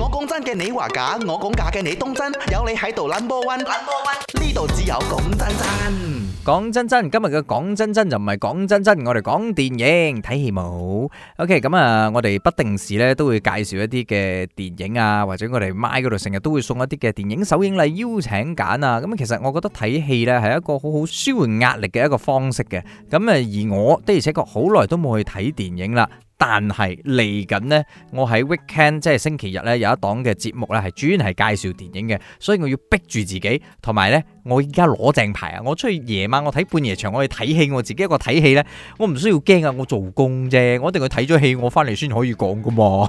我講真嘅，你話假；我講假嘅，你當真，你真。有你喺度，number one，number one。呢度只有講真真。講真真，今日嘅講真真就唔係講真真，我哋講電影睇戲冇。OK，咁啊，我哋不定時咧都會介紹一啲嘅電影啊，或者我哋賣嗰度成日都會送一啲嘅電影首映禮邀請柬啊。咁其實我覺得睇戲咧係一個好好舒緩壓力嘅一個方式嘅。咁啊，而我的而且確好耐都冇去睇電影啦。但係嚟緊咧，我喺 weekend 即係星期日咧有一檔嘅節目咧係專係介紹電影嘅，所以我要逼住自己，同埋咧我而家攞正牌啊！我出去夜晚我睇半夜場，我去睇戲，我自己一個睇戲咧，我唔需要驚啊！我做工啫，我一定去睇咗戲，我翻嚟先可以講噶嘛。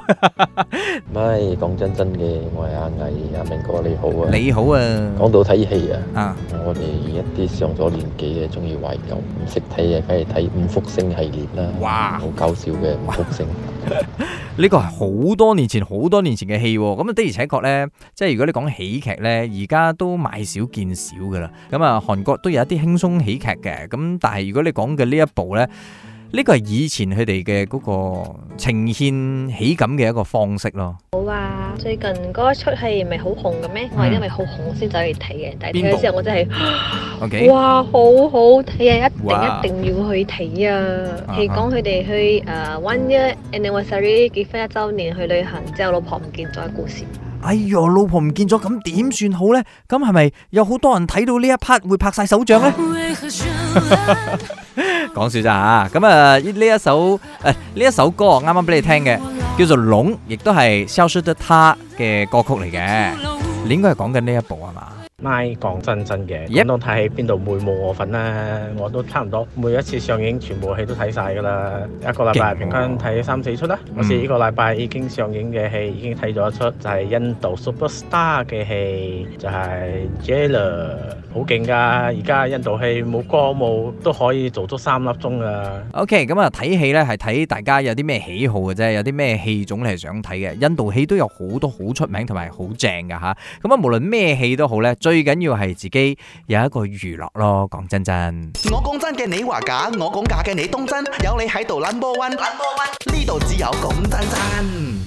唔係講真真嘅，我係阿魏阿明哥，你好啊，你好啊，講到睇戲啊，我哋一啲上咗年紀嘅中意懷舊，唔識睇啊，梗係睇五福星系列啦，哇，好搞笑嘅。呢個係好多年前、好多年前嘅戲，啊，咁啊的而且確呢，即係如果你講喜劇呢，而家都買少見少噶啦。咁、嗯、啊，韓國都有一啲輕鬆喜劇嘅，咁但係如果你講嘅呢一部呢。呢個係以前佢哋嘅嗰個呈現喜感嘅一個方式咯。好啊，最近嗰出戲唔係好紅嘅咩？我係、嗯、因為好紅先走部去睇嘅。但係睇咗之後我真係 Okay. 哇，好好睇啊！一定 Wow. 一定要去睇啊！係講佢哋去誒、uh, one year anniversary 結婚一周年去旅行之後，老婆唔見咗嘅故事。哎喲，老婆唔見咗，咁點算好咧？咁係咪有好多人睇到呢一 part 會拍晒手掌咧？ 講笑咋吓？咁啊呢一首誒呢、呃、一首歌，啱啱俾你聽嘅，叫做《龍》，亦都係《消失的她》嘅歌曲嚟嘅。你應該係講緊呢一部係嘛？咪講真真嘅，咁都睇戲邊度冇我份啦，我都差唔多每一次上映全部戲都睇曬㗎啦，一個禮拜平均睇三四出啦。我是呢個禮拜已經上映嘅戲已經睇咗一出，就係印度 Superstar 嘅戲，就係 Jailer，好勁㗎！而家印度戲冇歌舞都可以做足三粒鐘㗎。OK，咁啊睇戲咧係睇大家有啲咩喜好嘅啫，有啲咩戲種係想睇嘅。印度戲都有好多好出名同埋好正㗎吓，咁啊無論咩戲都好咧，最最緊要係自己有一個娛樂咯，講真真。我講真嘅，你話假；我講假嘅，你當真。有你喺度 number one，number one，呢度只有講真真。